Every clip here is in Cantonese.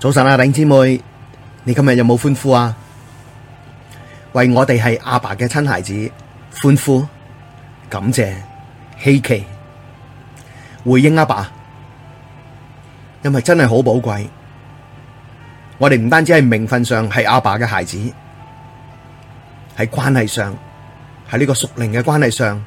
早晨啊，頂姊妹，你今日有冇歡呼啊？為我哋係阿爸嘅親孩子歡呼、感謝、希奇、回應阿爸，爸，因為真係好寶貴。我哋唔單止係名份上係阿爸嘅孩子，喺關係上，喺呢個屬靈嘅關係上，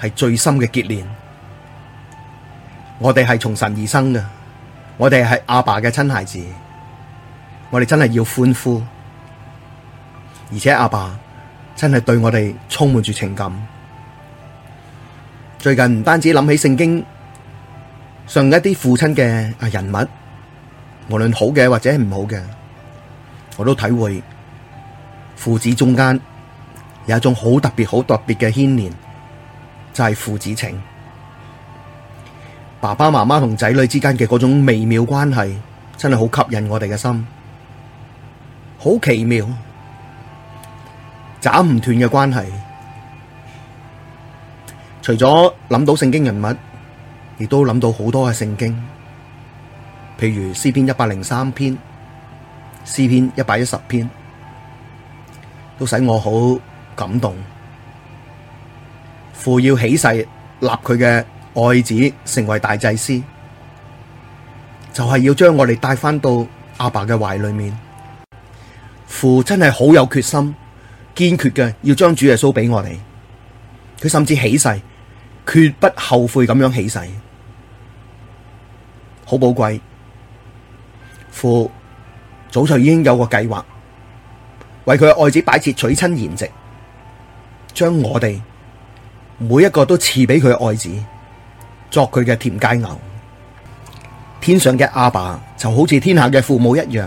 係最深嘅結連。我哋係從神而生嘅，我哋係阿爸嘅親孩子。我哋真係要歡呼，而且阿爸真係對我哋充滿住情感。最近唔單止諗起聖經上一啲父親嘅人物，無論好嘅或者唔好嘅，我都體會父子中間有一種好特別、好特別嘅牽連，就係父子情。爸爸媽媽同仔女之間嘅嗰種微妙關係，真係好吸引我哋嘅心。好奇妙，斬唔斷嘅關係。除咗諗到聖經人物，亦都諗到好多嘅聖經，譬如詩篇一百零三篇、詩篇一百一十篇，都使我好感動。父要起誓立佢嘅愛子成為大祭司，就係、是、要將我哋帶返到阿爸嘅懷裏面。父真係好有決心、堅決嘅，要將主耶穌俾我哋。佢甚至起誓，絕不後悔咁樣起誓，好寶貴。父早就已經有個計劃，為佢嘅愛子擺設娶親筵席，將我哋每一個都賜俾佢嘅愛子，作佢嘅甜佳偶。天上嘅阿爸就好似天下嘅父母一樣。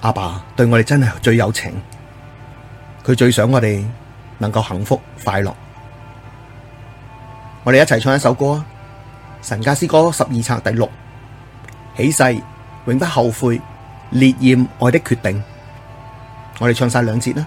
阿爸對我哋真係最有情，佢最想我哋能夠幸福快樂。我哋一齊唱一首歌啊，《神家詩歌》十二冊第六，起誓永不後悔，烈焰愛的決定，我哋唱晒兩節啦。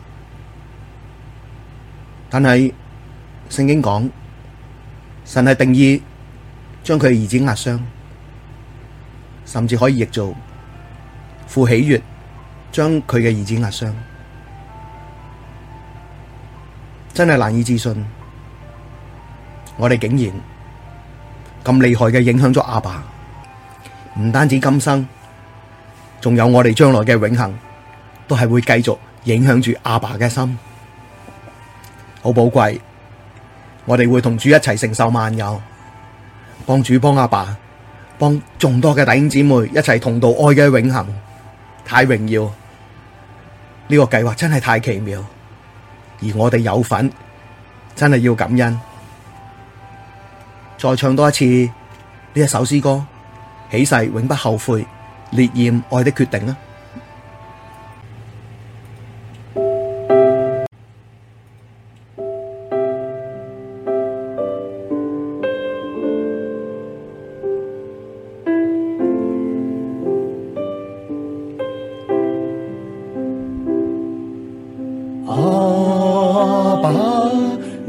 但係聖經講，神係定意將佢嘅兒子壓傷，甚至可以譯做負喜悅，將佢嘅兒子壓傷，真係難以置信。我哋竟然咁厲害嘅影響咗阿爸，唔單止今生，仲有我哋將來嘅永恆，都係會繼續影響住阿爸嘅心。好寶貴，我哋會同主一齊承受萬有，幫主幫阿爸，爸，幫眾多嘅弟兄姊妹一齊同度愛嘅永恆，太榮耀！呢、呢個計劃真係太奇妙，而我哋有份，真係要感恩。再唱多一次呢一首詩歌，起誓永不後悔，烈焰愛的決定啦！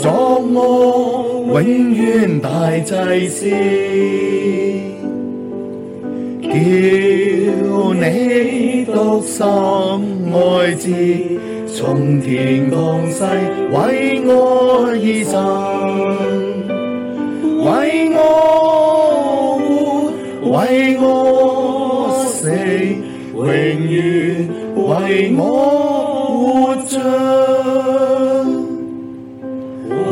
作我永遠大祭司，叫你獨生愛子，從天降世為我而生，為我活，為我死，永遠為我活着。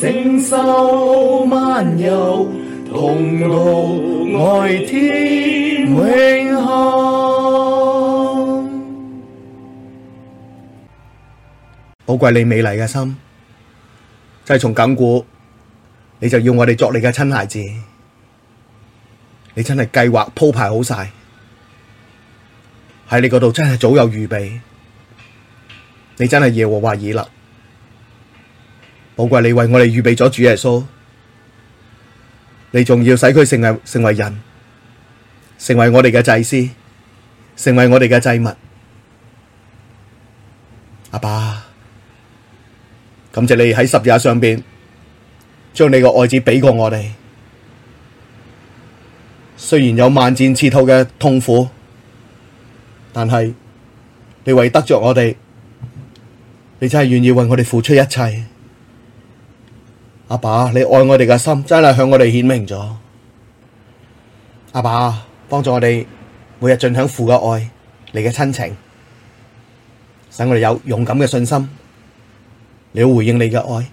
承受萬有，同度愛甜永恆，好貴你美麗嘅心，就係從亙古，你就要我哋作你嘅親孩子。你真係計劃鋪排好晒，喺你嗰度真係早有預備。你真係耶和華以勒。寶貴你為我哋預備咗主耶穌，你仲要使佢成為成為人，成為我哋嘅祭司，成為我哋嘅祭物，阿爸，爸，感謝你喺十日上邊將你個愛子俾過我哋，雖然有萬箭刺透嘅痛苦，但係你為得着我哋，你真係願意為我哋付出一切。阿爸，你愛我哋嘅心真係向我哋顯明咗。阿爸，幫助我哋每日盡享父嘅愛，你嘅親情，使我哋有勇敢嘅信心。你要回應你嘅愛，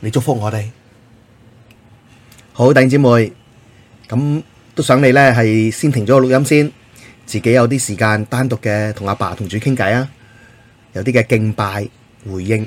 你祝福我哋。好，弟兄姊妹，咁都想你咧，係先停咗個錄音先，自己有啲時間單獨嘅同阿爸同主傾偈啊，有啲嘅敬拜回應。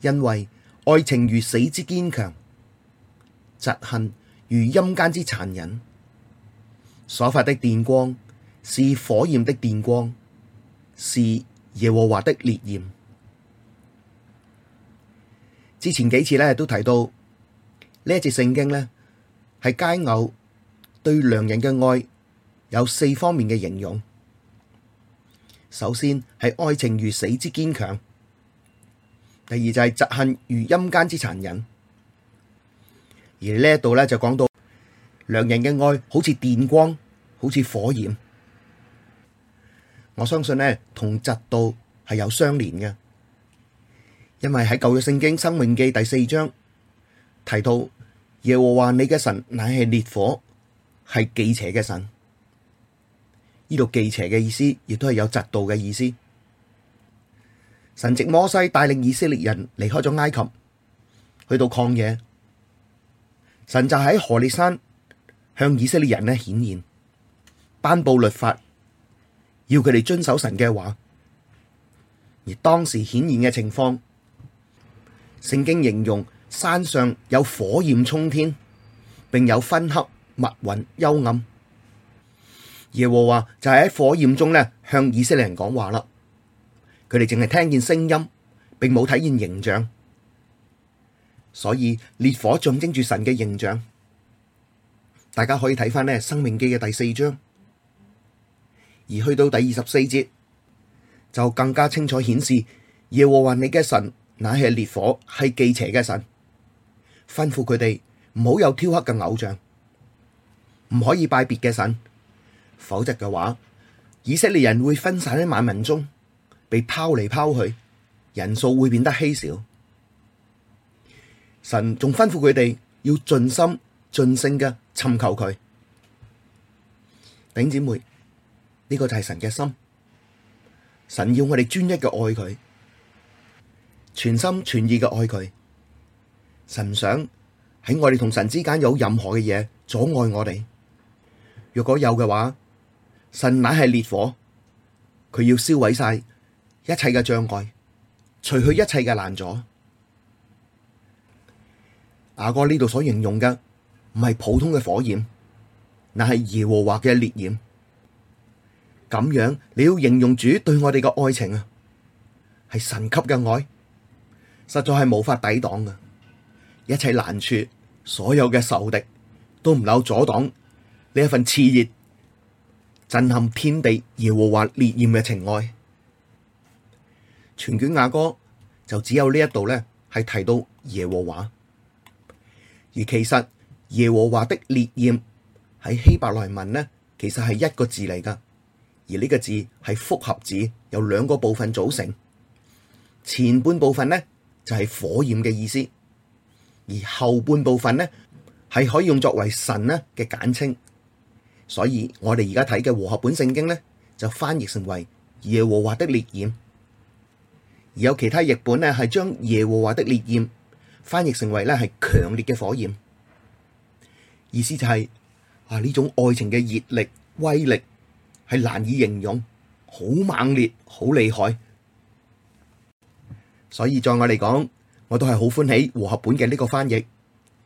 因為愛情如死之堅強，嫉恨如陰間之殘忍。所發的電光是火焰的電光，是耶和華的烈焰。之前幾次咧都提到呢一節聖經咧，係佳偶對良人嘅愛有四方面嘅形容。首先係愛情如死之堅強。第二就係嫉恨如陰間之殘忍，而呢一度咧就講到良人嘅愛好似電光，好似火焰。我相信咧同嫉妒係有相連嘅，因為喺舊約聖經生命記第四章提到耶和華你嘅神乃係烈火，係忌邪嘅神。呢度忌邪嘅意思，亦都係有嫉妒嘅意思。神藉摩西帶領以色列人離開咗埃及，去到曠野，神就喺何烈山向以色列人咧顯現，頒布律法，要佢哋遵守神嘅話。而當時顯現嘅情況，聖經形容山上有火焰衝天，並有昏黑、密雲、幽暗。耶和華就喺、係、火焰中咧向以色列人講話啦。佢哋淨係聽見聲音，並冇睇見形象，所以烈火象徵住神嘅形象。大家可以睇返呢《申命記》嘅第四章，而去到第二十四節就更加清楚顯示，耶和華你嘅神乃係烈火，係忌邪嘅神，吩咐佢哋唔好有雕刻嘅偶像，唔可以拜別嘅神，否則嘅話，以色列人會分散喺萬民中。被拋嚟拋去，人數會變得稀少。神仲吩咐佢哋要盡心盡性嘅尋求佢，弟兄姊妹，呢個就係神嘅心。神要我哋專一嘅愛佢，全心全意嘅愛佢。神想喺我哋同神之間有任何嘅嘢阻礙我哋，若果有嘅話，神乃係烈火，佢要燒毀晒。一切嘅障礙，除去一切嘅難阻。雅歌呢度所形容嘅唔係普通嘅火焰，乃係耶和華嘅烈焰。咁樣你要形容主對我哋嘅愛情啊，係神級嘅愛，實在係無法抵擋嘅，一切難處，所有嘅仇敵都唔能阻擋呢一份熾熱、震撼天地耶和華烈焰嘅情愛。全卷雅歌就只有呢一度呢，係提到耶和華。而其實耶和華的烈焰喺希伯來文呢，其實係一個字嚟噶。而呢個字係複合字，有兩個部分組成。前半部分呢，就係火焰嘅意思，而後半部分呢，係可以用作為神呢嘅簡稱。所以我哋而家睇嘅和合本聖經呢，就翻譯成為耶和華的烈焰。而有其他譯本呢，係將耶和華的烈焰翻譯成為呢係強烈嘅火焰，意思就係啊，呢種愛情嘅熱力威力係難以形容，好猛烈，好厲害。所以在我嚟講，我都係好歡喜和合本嘅呢個翻譯，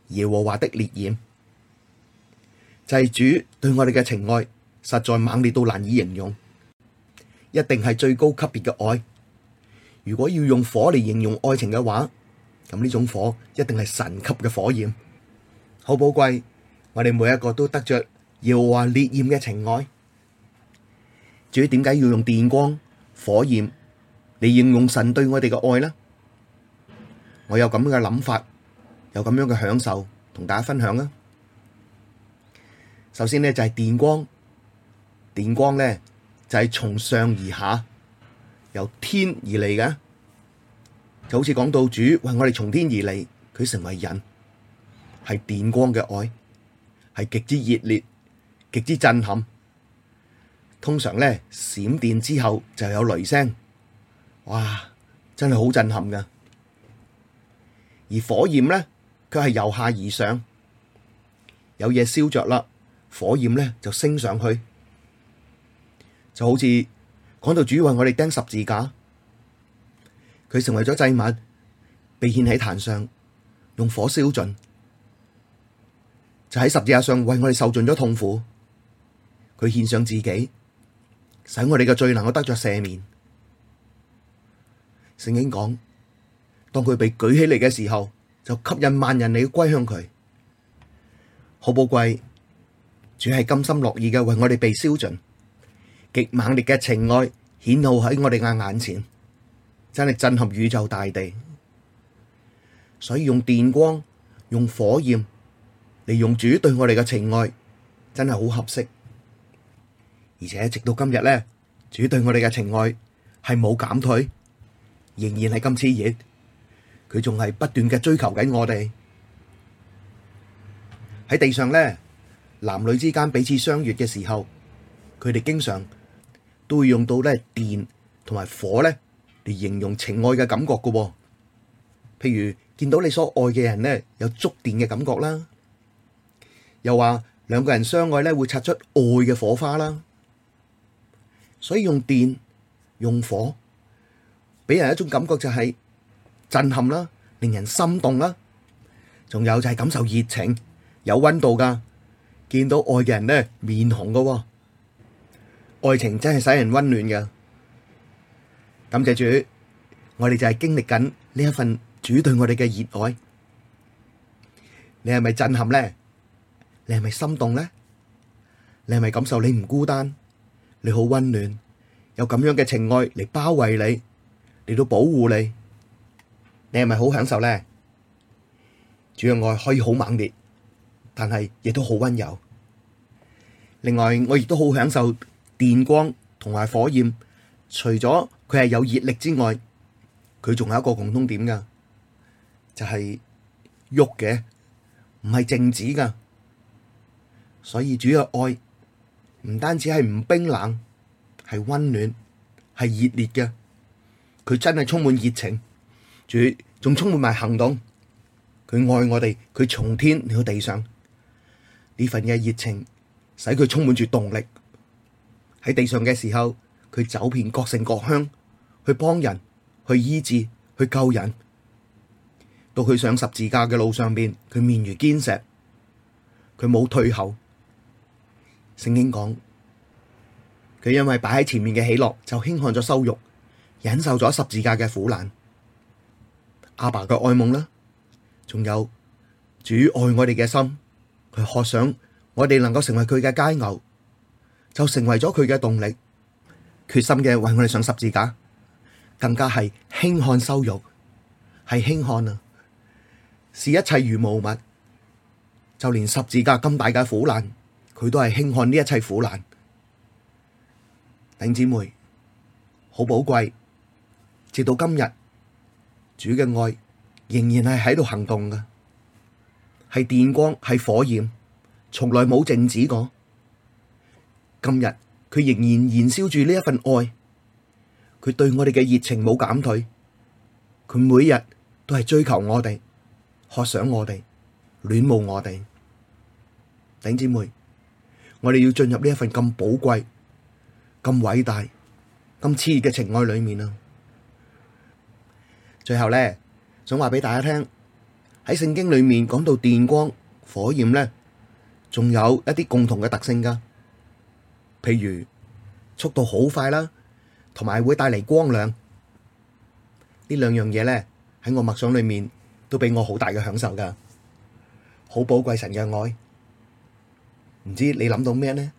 耶和華的烈焰就係主對我哋嘅情愛實在猛烈到難以形容，一定係最高級別嘅愛。如果要用火嚟形容愛情嘅話，咁呢種火一定係神級嘅火焰，好寶貴。我哋每一個都得着耶和華烈焰嘅情愛。至於點解要用電光火焰嚟形容神對我哋嘅愛呢？我有咁樣嘅諗法，有咁樣嘅享受，同大家分享啊！首先呢，就係、是、電光，電光呢，就係、是、從上而下。由天而嚟嘅，就好似講到主，喂，我哋從天而嚟，佢成為人，係電光嘅愛，係極之熱烈、極之震撼。通常咧，閃電之後就有雷聲，哇，真係好震撼噶。而火焰咧，佢係由下而上，有嘢燒着啦，火焰咧就升上去，就好似。講到主為我哋釘十字架，佢成為咗祭物，被獻喺壇上，用火燒盡，就喺十字架上為我哋受盡咗痛苦，佢獻上自己，使我哋嘅罪能夠得着赦免。聖經講，當佢被舉起嚟嘅時候，就吸引萬人嚟歸向佢，好寶貴，主係甘心樂意嘅為我哋被燒盡。極猛烈嘅情愛顯露喺我哋嘅眼前，真係震撼宇宙大地。所以用電光、用火焰嚟，用主對我哋嘅情愛，真係好合適。而且直到今日咧，主對我哋嘅情愛係冇減退，仍然係咁熾熱。佢仲係不斷嘅追求緊我哋。喺地上咧，男女之間彼此相悅嘅時候，佢哋經常。都會用到咧電同埋火咧嚟形容情愛嘅感覺噶哦，譬如見到你所愛嘅人咧有觸電嘅感覺啦，又話兩個人相愛咧會擦出愛嘅火花啦，所以用電用火俾人一種感覺就係震撼啦，令人心動啦，仲有就係感受熱情有溫度噶，見到愛嘅人咧面紅噶哦。愛情真係使人溫暖嘅，感謝主，我哋就係經歷緊呢一份主對我哋嘅熱愛。你係咪震撼咧？你係咪心動咧？你係咪感受你唔孤單？你好溫暖，有咁樣嘅情愛嚟包圍你，嚟到保護你。你係咪好享受咧？主嘅愛可以好猛烈，但係亦都好溫柔。另外，我亦都好享受。電光同埋火焰，除咗佢係有熱力之外，佢仲有一個共通點噶，就係喐嘅，唔係靜止噶。所以主嘅愛唔單止係唔冰冷，係溫暖，係熱烈嘅。佢真係充滿熱情，仲充滿埋行動。佢愛我哋，佢從天到地上。呢份嘅熱情，使佢充滿住動力。喺地上嘅時候，佢走遍各城各鄉，去幫人、去醫治、去救人，到去上十字架嘅路上邊，佢面如堅石，佢冇退後。聖經講，佢因為擺喺前面嘅喜樂，就輕看咗羞辱，忍受咗十字架嘅苦難。阿爸嘅愛夢啦，仲有主愛我哋嘅心，佢渴想我哋能夠成為佢嘅佳偶，就成為咗佢嘅動力，決心嘅為我哋上十字架，更加係輕看羞辱，係輕看啊！視一切如無物，就連十字架咁大嘅苦難，佢都係輕看呢一切苦難。弟兄姊妹，好寶貴，直到今日，主嘅愛仍然係喺度行動㗎，係電光，係火焰，從來冇靜止過。今日佢仍然燃燒住呢一份愛，佢對我哋嘅熱情冇減退，佢每日都係追求我哋，渴想我哋，戀慕我哋。頂姊妹，我哋要進入呢一份咁寶貴、咁偉大、咁熾熱嘅情愛裏面啊！最後咧，想話俾大家聽喺聖經裏面講到電光火焰咧，仲有一啲共同嘅特性㗎。譬如速度好快啦，同埋會帶嚟光亮，呢兩樣嘢咧，喺我默想裏面都俾我好大嘅享受噶，好寶貴神嘅愛。唔知你諗到咩呢？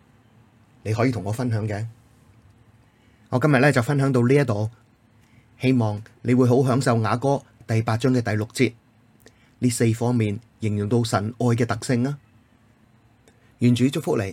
你可以同我分享嘅。我今日咧就分享到呢一度，希望你會好享受雅歌第八章嘅第六節呢四方面形容到神愛嘅特性啊！願主祝福你。